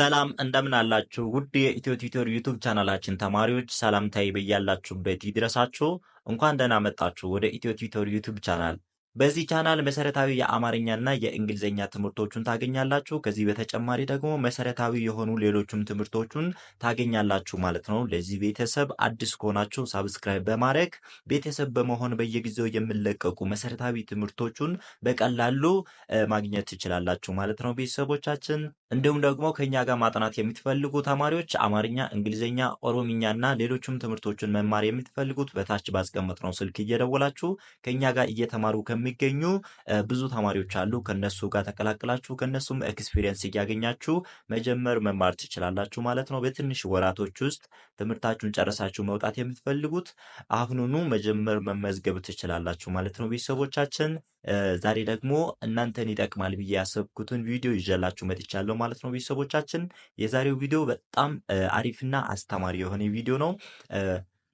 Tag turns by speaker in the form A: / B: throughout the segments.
A: ሰላም እንደምን አላችሁ? ውድ የኢትዮ ቲዩቶር ዩቱብ ቻናላችን ተማሪዎች ሰላምታዬ በያላችሁበት ይድረሳችሁ። እንኳን ደህና መጣችሁ ወደ ኢትዮ ቲዩቶር ዩቱብ ቻናል። በዚህ ቻናል መሰረታዊ የአማርኛና የእንግሊዝኛ ትምህርቶቹን ታገኛላችሁ። ከዚህ በተጨማሪ ደግሞ መሰረታዊ የሆኑ ሌሎችም ትምህርቶቹን ታገኛላችሁ ማለት ነው። ለዚህ ቤተሰብ አዲስ ከሆናችሁ ሳብስክራይብ በማድረግ ቤተሰብ በመሆን በየጊዜው የሚለቀቁ መሰረታዊ ትምህርቶቹን በቀላሉ ማግኘት ትችላላችሁ ማለት ነው። ቤተሰቦቻችን እንዲሁም ደግሞ ከኛ ጋር ማጥናት የምትፈልጉ ተማሪዎች አማርኛ፣ እንግሊዝኛ፣ ኦሮምኛና ሌሎችም ትምህርቶችን መማር የምትፈልጉት በታች ባስቀመጥነው ስልክ እየደወላችሁ ከኛ ጋር እየተማሩ የሚገኙ ብዙ ተማሪዎች አሉ። ከነሱ ጋር ተቀላቅላችሁ ከነሱም ኤክስፒሪየንስ እያገኛችሁ መጀመር መማር ትችላላችሁ ማለት ነው። በትንሽ ወራቶች ውስጥ ትምህርታችሁን ጨረሳችሁ መውጣት የምትፈልጉት አሁኑኑ መጀመር መመዝገብ ትችላላችሁ ማለት ነው። ቤተሰቦቻችን ዛሬ ደግሞ እናንተን ይጠቅማል ብዬ ያሰብኩትን ቪዲዮ ይዤላችሁ መጥቻለሁ ማለት ነው። ቤተሰቦቻችን የዛሬው ቪዲዮ በጣም አሪፍና አስተማሪ የሆነ ቪዲዮ ነው።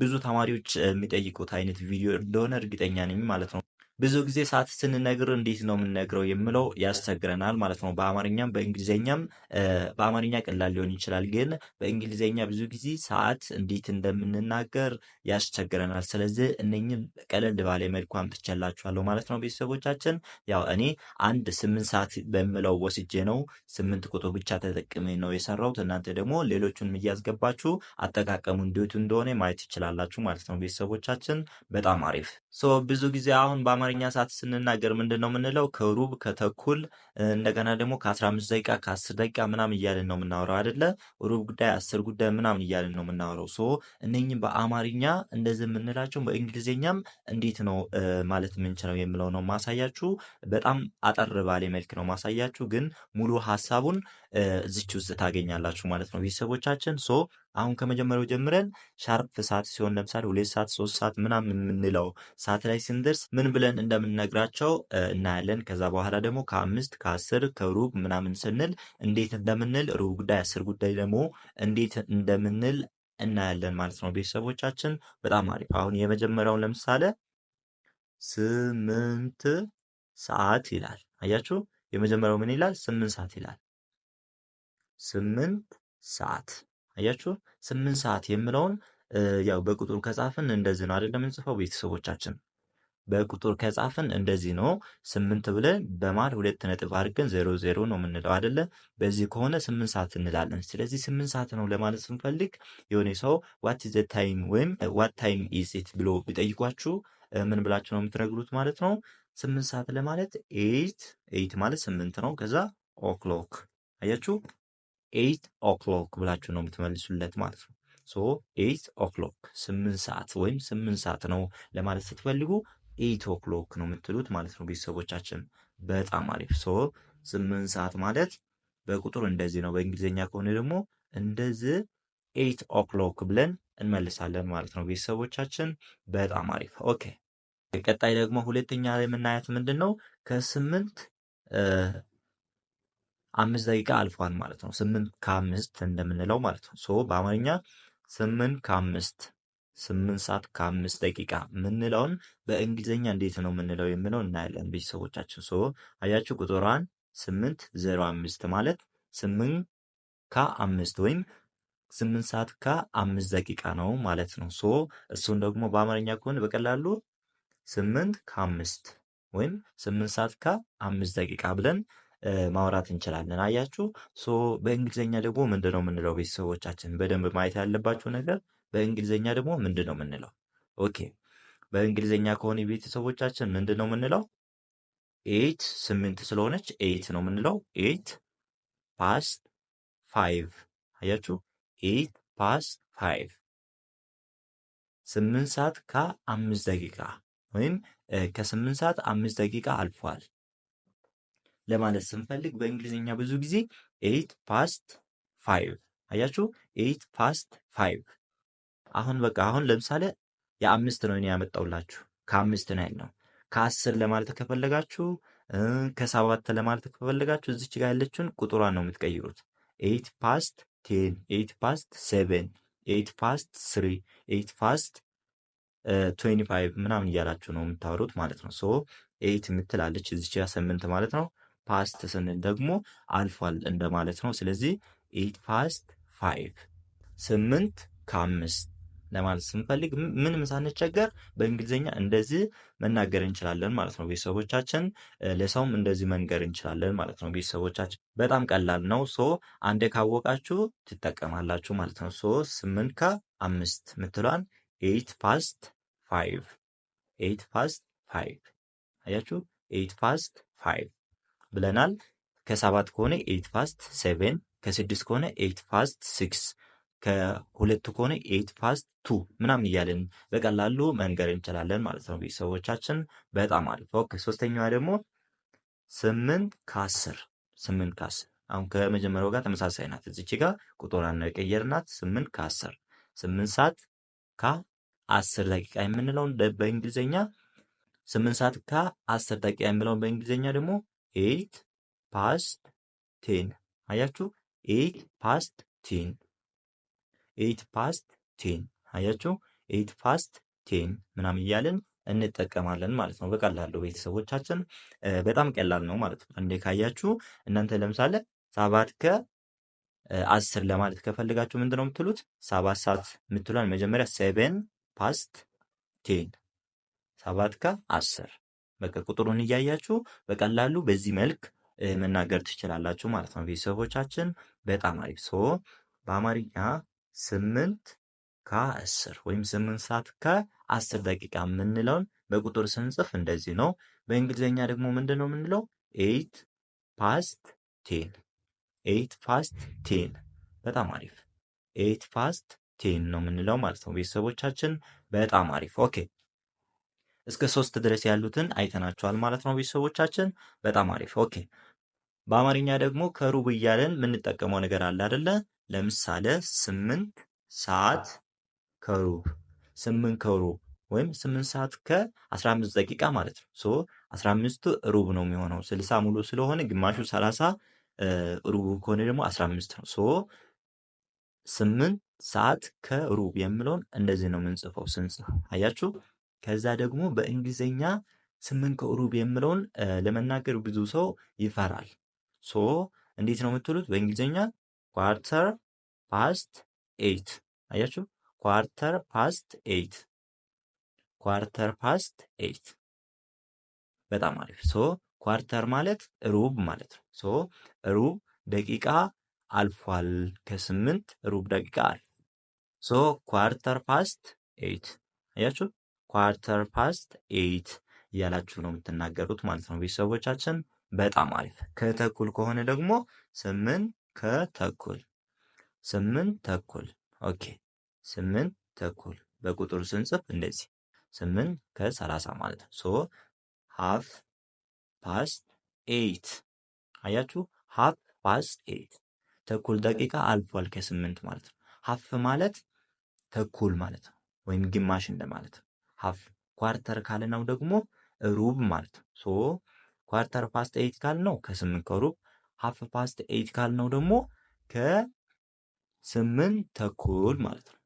A: ብዙ ተማሪዎች የሚጠይቁት አይነት ቪዲዮ እንደሆነ እርግጠኛ ነኝ ማለት ነው። ብዙ ጊዜ ሰዓት ስንነግር እንዴት ነው የምንነግረው የምለው ያስቸግረናል ማለት ነው። በአማርኛም በእንግሊዝኛም በአማርኛ ቀላል ሊሆን ይችላል፣ ግን በእንግሊዝኛ ብዙ ጊዜ ሰዓት እንዴት እንደምንናገር ያስቸግረናል። ስለዚህ እነኝም ቀለል ባለ መልኩ አምጥቼላችኋለሁ ማለት ነው። ቤተሰቦቻችን ያው እኔ አንድ ስምንት ሰዓት በምለው ወስጄ ነው ስምንት ቁጥር ብቻ ተጠቅሜ ነው የሰራሁት። እናንተ ደግሞ ሌሎቹን እያስገባችሁ አጠቃቀሙ እንዴቱ እንደሆነ ማየት ትችላላችሁ ማለት ነው። ቤተሰቦቻችን በጣም አሪፍ ብዙ ጊዜ አሁን በአማርኛ ሰዓት ስንናገር ምንድን ነው የምንለው? ከሩብ ከተኩል እንደገና ደግሞ ከ15 ደቂቃ ከ10 ደቂቃ ምናምን እያልን ነው የምናወራው አይደለ? ሩብ ጉዳይ፣ አስር ጉዳይ ምናምን እያልን ነው የምናወራው። ሶ እነኝም በአማርኛ እንደዚህ የምንላቸው በእንግሊዝኛም እንዴት ነው ማለት የምንችለው የምለው ነው ማሳያችሁ። በጣም አጠር ባለ መልክ ነው ማሳያችሁ፣ ግን ሙሉ ሀሳቡን እዚች ውስጥ ታገኛላችሁ ማለት ነው ቤተሰቦቻችን። ሶ አሁን ከመጀመሪያው ጀምረን ሻርፕ ሰዓት ሲሆን ለምሳሌ ሁለት ሰዓት ሶስት ሰዓት ምናምን የምንለው ሰዓት ላይ ስንደርስ ምን ብለን እንደምንነግራቸው እናያለን። ከዛ በኋላ ደግሞ ከአምስት ከአስር ከሩብ ምናምን ስንል እንዴት እንደምንል ሩብ ጉዳይ አስር ጉዳይ ደግሞ እንዴት እንደምንል እናያለን ማለት ነው ቤተሰቦቻችን። በጣም አሪፍ። አሁን የመጀመሪያውን ለምሳሌ ስምንት ሰዓት ይላል። አያችሁ የመጀመሪያው ምን ይላል? ስምንት ሰዓት ይላል። ስምንት ሰዓት አያችሁ፣ ስምንት ሰዓት የምለውን ያው በቁጥር ከጻፍን እንደዚህ ነው አይደለም እንጽፈው ቤተሰቦቻችን በቁጥር ከጻፍን እንደዚህ ነው። ስምንት ብለን በማል ሁለት ነጥብ አድርገን ዜሮ ዜሮ ነው የምንለው አይደለ? በዚህ ከሆነ ስምንት ሰዓት እንላለን። ስለዚህ ስምንት ሰዓት ነው ለማለት ስንፈልግ የሆነ ሰው ዋት ዘ ታይም ወይም ዋት ታይም ኢዝ ኢት ብሎ ቢጠይቋችሁ ምን ብላችሁ ነው የምትነግሩት ማለት ነው። ስምንት ሰዓት ለማለት ኤይት ኤይት ማለት ስምንት ነው። ከዛ ኦክሎክ አያችሁ ኤይት ኦክሎክ ብላችሁ ነው የምትመልሱለት ማለት ነው። ሶ ኤይት ኦክሎክ ስምንት ሰዓት ወይም ስምንት ሰዓት ነው ለማለት ስትፈልጉ ኤይት ኦክሎክ ነው የምትሉት ማለት ነው። ቤተሰቦቻችን በጣም አሪፍ። ሶ ስምንት ሰዓት ማለት በቁጥር እንደዚህ ነው። በእንግሊዝኛ ከሆነ ደግሞ እንደዚህ ኤይት ኦክሎክ ብለን እንመልሳለን ማለት ነው። ቤተሰቦቻችን በጣም አሪፍ ኦኬ። ቀጣይ ደግሞ ሁለተኛ የምናያት ምንድን ነው ከስምንት አምስት ደቂቃ አልፏል ማለት ነው። ስምንት ከአምስት እንደምንለው ማለት ነው። ሶ በአማርኛ ስምንት ከአምስት ስምንት ሰዓት ከአምስት ደቂቃ ምንለውን በእንግሊዝኛ እንዴት ነው ምንለው የምለው እናያለን። ቤተሰቦቻችን ሶ አያችሁ ቁጥሯን ስምንት ዜሮ አምስት ማለት ስምንት ከአምስት ወይም ስምንት ሰዓት ከአምስት ደቂቃ ነው ማለት ነው። ሶ እሱን ደግሞ በአማርኛ ከሆነ በቀላሉ ስምንት ከአምስት ወይም ስምንት ሰዓት ከአምስት ደቂቃ ብለን ማውራት እንችላለን። አያችሁ ሶ በእንግሊዝኛ ደግሞ ምንድነው የምንለው? ቤተሰቦቻችን በደንብ ማየት ያለባችሁ ነገር በእንግሊዝኛ ደግሞ ምንድነው የምንለው? ኦኬ በእንግሊዝኛ ከሆነ ቤተሰቦቻችን ምንድነው የምንለው? ኤት ስምንት ስለሆነች ኤት ነው የምንለው። ኤት ፓስት ፋይቭ አያችሁ፣ ኤት ፓስት ፋይቭ ስምንት ሰዓት ከአምስት ደቂቃ ወይም ከስምንት ሰዓት አምስት ደቂቃ አልፏል። ለማለት ስንፈልግ በእንግሊዝኛ ብዙ ጊዜ ኤይት ፓስት ፋይቭ አያችሁ፣ ኤይት ፓስት ፋይቭ። አሁን በቃ አሁን ለምሳሌ የአምስት ነው እኔ ያመጣውላችሁ ከአምስት ነው ያለው። ከአስር ለማለት ከፈለጋችሁ ከሰባት ለማለት ከፈለጋችሁ እዚች ጋር ያለችውን ቁጥሯን ነው የምትቀይሩት። ኤይት ፓስት ቴን፣ ኤይት ፓስት ሴቨን፣ ኤይት ፓስት ስሪ፣ ኤይት ፓስት ትዌንቲ ፋይቭ ምናምን እያላችሁ ነው የምታወሩት ማለት ነው። ሶ ኤይት የምትላለች እዚች ጋር ስምንት ማለት ነው። ፓስት ስንል ደግሞ አልፏል እንደማለት ነው። ስለዚህ ኢት ፓስት ፋይቭ ስምንት ከአምስት ለማለት ስንፈልግ ምንም ሳንቸገር በእንግሊዝኛ እንደዚህ መናገር እንችላለን ማለት ነው። ቤተሰቦቻችን ለሰውም እንደዚህ መንገር እንችላለን ማለት ነው። ቤተሰቦቻችን በጣም ቀላል ነው። ሶ አንዴ ካወቃችሁ ትጠቀማላችሁ ማለት ነው። ሶ ስምንት ከአምስት ምትሏን ኤት ፓስት ፋይቭ ኤት ፓስት ፋይቭ አያችሁ፣ ኤት ፓስት ፋይቭ ብለናል። ከሰባት ከሆነ ኤት ፋስት ሴቨን፣ ከስድስት ከሆነ ኤት ፋስት ሲክስ፣ ከሁለቱ ከሆነ ኤት ፋስት ቱ ምናምን እያለን በቀላሉ መንገር እንችላለን ማለት ነው። ቤተሰቦቻችን በጣም አሪፍ። ኦኬ ሶስተኛዋ ደግሞ ስምንት ከአስር ስምንት ከአስር አሁን ከመጀመሪያው ጋር ተመሳሳይ ናት። እዚች ጋር ቁጥሯን የቀየርናት ስምንት ከአስር ስምንት ሰዓት ከአስር ደቂቃ የምንለውን በእንግሊዝኛ ስምንት ሰዓት ከአስር ደቂቃ የምለውን በእንግሊዝኛ ደግሞ ኤት ፓስት ቴን። አያችሁ ኤይት ፓስት ቴን፣ ኤይት ፓስት ቴን። አያችሁ ኤት ፓስት ቴን ምናምን እያለን እንጠቀማለን ማለት ነው። በቀላሉ ቤተሰቦቻችን በጣም ቀላል ነው ማለት ነው። እንዴ ካያችሁ እናንተ ለምሳሌ ሰባት ከ አስር ለማለት ከፈልጋችሁ ምንድነው የምትሉት? ሰባት ሰዓት የምትሏን መጀመሪያ ሴቨን ፓስት ቴን ሰባት ከአስር በቃ ቁጥሩን እያያችሁ በቀላሉ በዚህ መልክ መናገር ትችላላችሁ ማለት ነው። ቤተሰቦቻችን በጣም አሪፍ ሶ በአማርኛ ስምንት ከአስር ወይም ስምንት ሰዓት ከአስር ደቂቃ የምንለውን በቁጥር ስንጽፍ እንደዚህ ነው። በእንግሊዝኛ ደግሞ ምንድን ነው የምንለው? ኤይት ፓስት ቴን ኤይት ፓስት ቴን። በጣም አሪፍ ኤይት ፓስት ቴን ነው የምንለው ማለት ነው። ቤተሰቦቻችን በጣም አሪፍ ኦኬ። እስከ ሶስት ድረስ ያሉትን አይተናቸዋል ማለት ነው ቤተሰቦቻችን። በጣም አሪፍ ኦኬ። በአማርኛ ደግሞ ከሩብ እያለን የምንጠቀመው ነገር አለ አደለ? ለምሳሌ ስምንት ሰዓት ከሩብ ስምንት ከሩብ ወይም ስምንት ሰዓት ከአስራ አምስት ደቂቃ ማለት ነው። ሶ አስራ አምስቱ ሩብ ነው የሚሆነው ስልሳ ሙሉ ስለሆነ ግማሹ ሰላሳ ሩቡ ከሆነ ደግሞ አስራ አምስት ነው። ሶ ስምንት ሰዓት ከሩብ የምለውን እንደዚህ ነው የምንጽፈው ስንጽፍ አያችሁ። ከዛ ደግሞ በእንግሊዝኛ ስምንት ከሩብ የምለውን ለመናገር ብዙ ሰው ይፈራል። ሶ እንዴት ነው የምትሉት? በእንግሊዝኛ ኳርተር ፓስት ኤይት። አያችሁ፣ ኳርተር ፓስት ኤይት፣ ኳርተር ፓስት ኤይት። በጣም አሪፍ። ሶ ኳርተር ማለት ሩብ ማለት ነው። ሶ ሩብ ደቂቃ አልፏል። ከስምንት ሩብ ደቂቃ አል ሶ ኳርተር ፓስት ኤይት አያችሁ ኳርተር ፓስት ኤይት እያላችሁ ነው የምትናገሩት ማለት ነው ቤተሰቦቻችን። በጣም አሪፍ። ከተኩል ከሆነ ደግሞ ስምንት ከተኩል ስምንት ተኩል። ኦኬ ስምንት ተኩል በቁጥር ስንጽፍ እንደዚህ ስምንት ከሰላሳ ማለት ነው። ሶ ሀፍ ፓስት ኤይት አያችሁ፣ ሀፍ ፓስት ኤይት ተኩል ደቂቃ አልፏል ከስምንት ማለት ነው። ሀፍ ማለት ተኩል ማለት ነው፣ ወይም ግማሽ እንደማለት ነው። ሀፍ ኳርተር ካልነው ደግሞ ሩብ ማለት ነው። ሶ ኳርተር ፓስት ኤይት ካልነው ከስምንት ከሩብ ሀፍ ፓስት ኤይት ካልነው ደግሞ ከስምንት ተኩል ማለት ነው።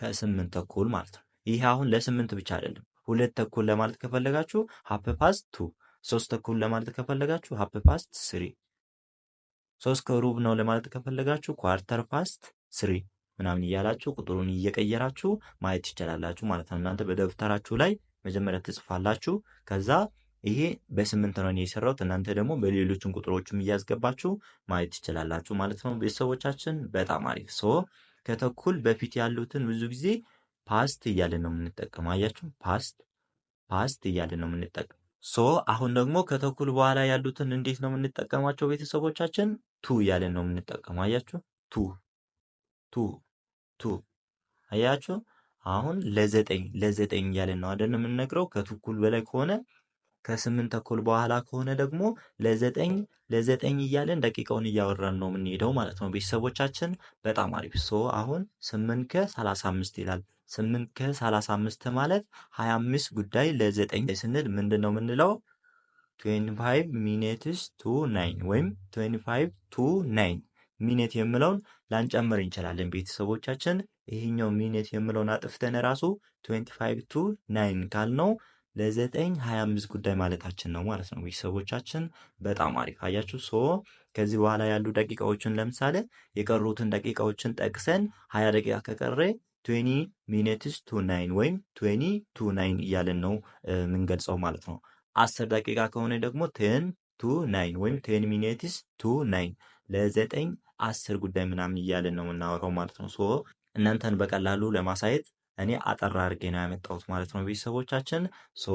A: ከስምንት ተኩል ማለት ነው። ይህ አሁን ለስምንት ብቻ አይደለም። ሁለት ተኩል ለማለት ከፈለጋችሁ ሀፕ ፓስት ቱ፣ ሶስት ተኩል ለማለት ከፈለጋችሁ ሀፕ ፓስት ስሪ፣ ሶስት ከሩብ ነው ለማለት ከፈለጋችሁ ኳርተር ፓስት ስሪ ምናምን እያላችሁ ቁጥሩን እየቀየራችሁ ማየት ትችላላችሁ ማለት ነው። እናንተ በደብተራችሁ ላይ መጀመሪያ ትጽፋላችሁ። ከዛ ይሄ በስምንት ነው የሰራሁት፣ እናንተ ደግሞ በሌሎችን ቁጥሮችም እያስገባችሁ ማየት ትችላላችሁ ማለት ነው። ቤተሰቦቻችን በጣም አሪፍ ሶ ከተኩል በፊት ያሉትን ብዙ ጊዜ ፓስት እያለን ነው የምንጠቀም። አያችሁ ፓስት ፓስት እያለን ነው የምንጠቀም። ሶ አሁን ደግሞ ከተኩል በኋላ ያሉትን እንዴት ነው የምንጠቀማቸው? ቤተሰቦቻችን ቱ እያለን ነው የምንጠቀመው። አያችሁ ቱ ቱ ቱ አያችሁ አሁን ለዘጠኝ ለዘጠኝ እያለን ነው አይደል የምንነግረው ከትኩል በላይ ከሆነ ከስምንት ተኩል በኋላ ከሆነ ደግሞ ለዘጠኝ ለዘጠኝ እያለን ደቂቃውን እያወራን ነው የምንሄደው ማለት ነው ቤተሰቦቻችን በጣም አሪፍ ሶ አሁን ስምንት ከሰላሳ አምስት ይላል ስምንት ከሰላሳ አምስት ማለት ሀያ አምስት ጉዳይ ለዘጠኝ ስንል ምንድን ነው የምንለው ትዌንቲ ፋይቭ ሚኒትስ ቱ ናይን ወይም ትዌንቲ ፋይቭ ቱ ናይን ሚኒት የምለውን ላንጨምር እንችላለን ቤተሰቦቻችን ይሄኛው ሚኒት የምለውን አጥፍተን ራሱ 25 ቱ 9 ካልነው ለዘጠኝ 25 ጉዳይ ማለታችን ነው ማለት ነው ቤተሰቦቻችን። በጣም አሪፍ አያችሁ። ሶ ከዚህ በኋላ ያሉ ደቂቃዎችን ለምሳሌ የቀሩትን ደቂቃዎችን ጠቅሰን 20 ደቂቃ ከቀረ 20 ሚኒትስ ቱ ወይም 20 ቱ ናይን እያለን ነው የምንገልጸው ማለት ነው። 10 ደቂቃ ከሆነ ደግሞ 10 ቱ ናይን ወይም 10 ሚኒትስ ቱ ለ9 አስር ጉዳይ ምናምን እያለን ነው የምናወራው ማለት ነው። ሶ እናንተን በቀላሉ ለማሳየት እኔ አጠር አድርጌ ነው ያመጣሁት ማለት ነው ቤተሰቦቻችን። ሶ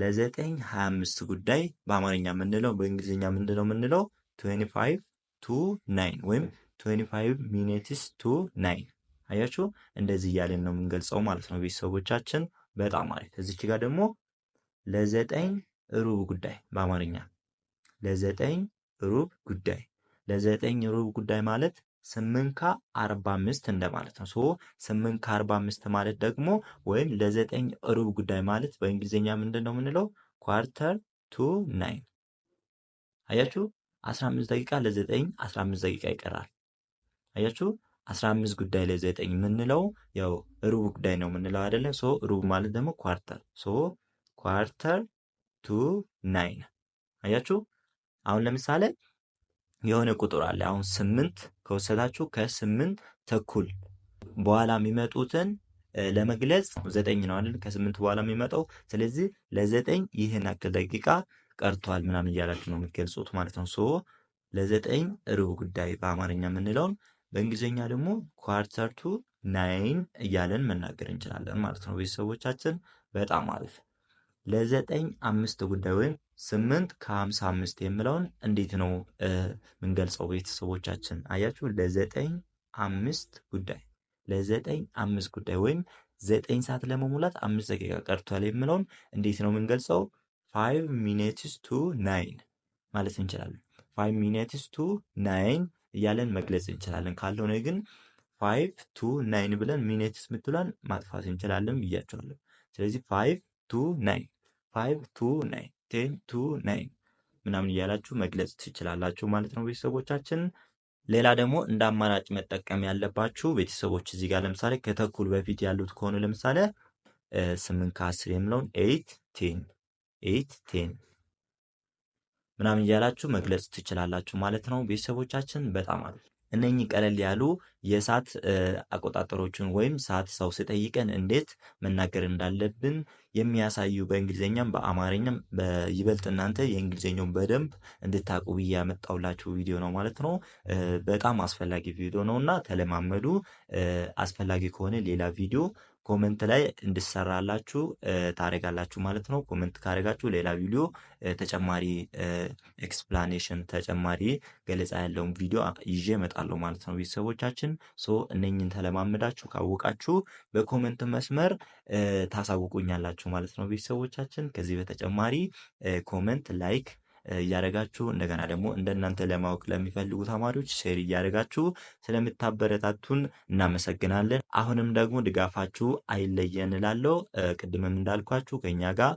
A: ለዘጠኝ ሀያ አምስት ጉዳይ በአማርኛ የምንለው በእንግሊዝኛ የምንለው የምንለው ትዌንቲ ፋይቭ ቱ ናይን ወይም ትዌንቲ ፋይቭ ሚኒትስ ቱ ናይን አያችሁ፣ እንደዚህ እያለን ነው የምንገልጸው ማለት ነው ቤተሰቦቻችን። በጣም አሪፍ። እዚች ጋር ደግሞ ለዘጠኝ ሩብ ጉዳይ በአማርኛ ለዘጠኝ ሩብ ጉዳይ ለዘጠኝ ሩብ ጉዳይ ማለት ስምንት ከአርባ አምስት እንደማለት ነው። ሶ ስምንት ከአርባ አምስት ማለት ደግሞ ወይም ለዘጠኝ ሩብ ጉዳይ ማለት በእንግሊዝኛ ምንድን ነው የምንለው? ኳርተር ቱ ናይን። አያችሁ 15 ደቂቃ ለዘጠኝ 15 ደቂቃ ይቀራል። አያችሁ 15 ጉዳይ ለዘጠኝ የምንለው ያው ሩብ ጉዳይ ነው የምንለው አይደለ? ሶ ሩብ ማለት ደግሞ ኳርተር። ሶ ኳርተር ቱ ናይን። አያችሁ አሁን ለምሳሌ የሆነ ቁጥር አለ። አሁን ስምንት ከወሰዳችሁ ከስምንት ተኩል በኋላ የሚመጡትን ለመግለጽ ዘጠኝ ነው አይደል? ከስምንት በኋላ የሚመጣው ስለዚህ ለዘጠኝ ይህን አክል ደቂቃ ቀርቷል ምናምን እያላችሁ ነው የሚገልጹት ማለት ነው። ሶ ለዘጠኝ ሩብ ጉዳይ በአማርኛ የምንለውን በእንግሊዝኛ ደግሞ ኳርተር ቱ ናይን እያለን መናገር እንችላለን ማለት ነው። ቤተሰቦቻችን በጣም አሪፍ። ለዘጠኝ አምስት ጉዳይ ወይም ስምንት ከሀምሳ አምስት የምለውን እንዴት ነው የምንገልጸው? ቤተሰቦቻችን አያችሁ፣ ለዘጠኝ አምስት ጉዳይ ለዘጠኝ አምስት ጉዳይ ወይም ዘጠኝ ሰዓት ለመሙላት አምስት ደቂቃ ቀርቷል የምለውን እንዴት ነው የምንገልጸው? ፋይቭ ሚኒትስ ቱ ናይን ማለት እንችላለን። ፋይቭ ሚኒትስ ቱ ናይን እያለን መግለጽ እንችላለን። ካልሆነ ግን ፋይቭ ቱ ናይን ብለን ሚኒትስ የምትሏን ማጥፋት እንችላለን ብያቸዋለሁ። ስለዚህ ፋይቭ ቱ ናይን ፋይቭ ቱ ናይን ቴን ቱ ናይን ምናምን እያላችሁ መግለጽ ትችላላችሁ ማለት ነው ቤተሰቦቻችን። ሌላ ደግሞ እንደ አማራጭ መጠቀም ያለባችሁ ቤተሰቦች እዚህ ጋር ለምሳሌ ከተኩል በፊት ያሉት ከሆኑ ለምሳሌ ስምንት ከአስር የምለውን ኤይት ቴን ኤይት ቴን ምናምን እያላችሁ መግለጽ ትችላላችሁ ማለት ነው ቤተሰቦቻችን። በጣም አሪፍ እነኚህ ቀለል ያሉ የሳት አቆጣጠሮችን ወይም ሰዓት ሰው ሲጠይቀን እንዴት መናገር እንዳለብን የሚያሳዩ በእንግሊዝኛም በአማርኛም ይበልጥ እናንተ የእንግሊዝኛውን በደንብ እንድታቁ ብዬ ያመጣውላችሁ ቪዲዮ ነው ማለት ነው። በጣም አስፈላጊ ቪዲዮ ነው እና ተለማመዱ። አስፈላጊ ከሆነ ሌላ ቪዲዮ ኮመንት ላይ እንድሰራላችሁ ታደርጋላችሁ ማለት ነው። ኮመንት ካደረጋችሁ ሌላ ቪዲዮ ተጨማሪ ኤክስፕላኔሽን ተጨማሪ ገለጻ ያለውን ቪዲዮ ይዤ እመጣለሁ ማለት ነው። ቤተሰቦቻችን ሶ እነኝን ተለማምዳችሁ ካወቃችሁ በኮመንት መስመር ታሳውቁኛላችሁ ማለት ነው። ቤተሰቦቻችን ከዚህ በተጨማሪ ኮመንት፣ ላይክ እያደረጋችሁ እንደገና ደግሞ እንደናንተ ለማወቅ ለሚፈልጉ ተማሪዎች ሼር እያደረጋችሁ ስለምታበረታቱን እናመሰግናለን። አሁንም ደግሞ ድጋፋችሁ አይለየን እላለሁ። ቅድምም እንዳልኳችሁ ከኛ ጋር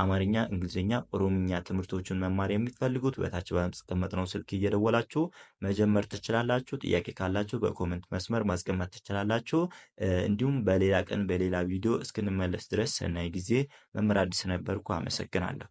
A: አማርኛ፣ እንግሊዝኛ፣ ኦሮምኛ ትምህርቶችን መማር የምትፈልጉት በታች ባስቀመጥነው ስልክ እየደወላችሁ መጀመር ትችላላችሁ። ጥያቄ ካላችሁ በኮመንት መስመር ማስቀመጥ ትችላላችሁ። እንዲሁም በሌላ ቀን በሌላ ቪዲዮ እስክንመለስ ድረስ ሰናይ ጊዜ። መምህር አዲስ ነበርኩ። አመሰግናለሁ።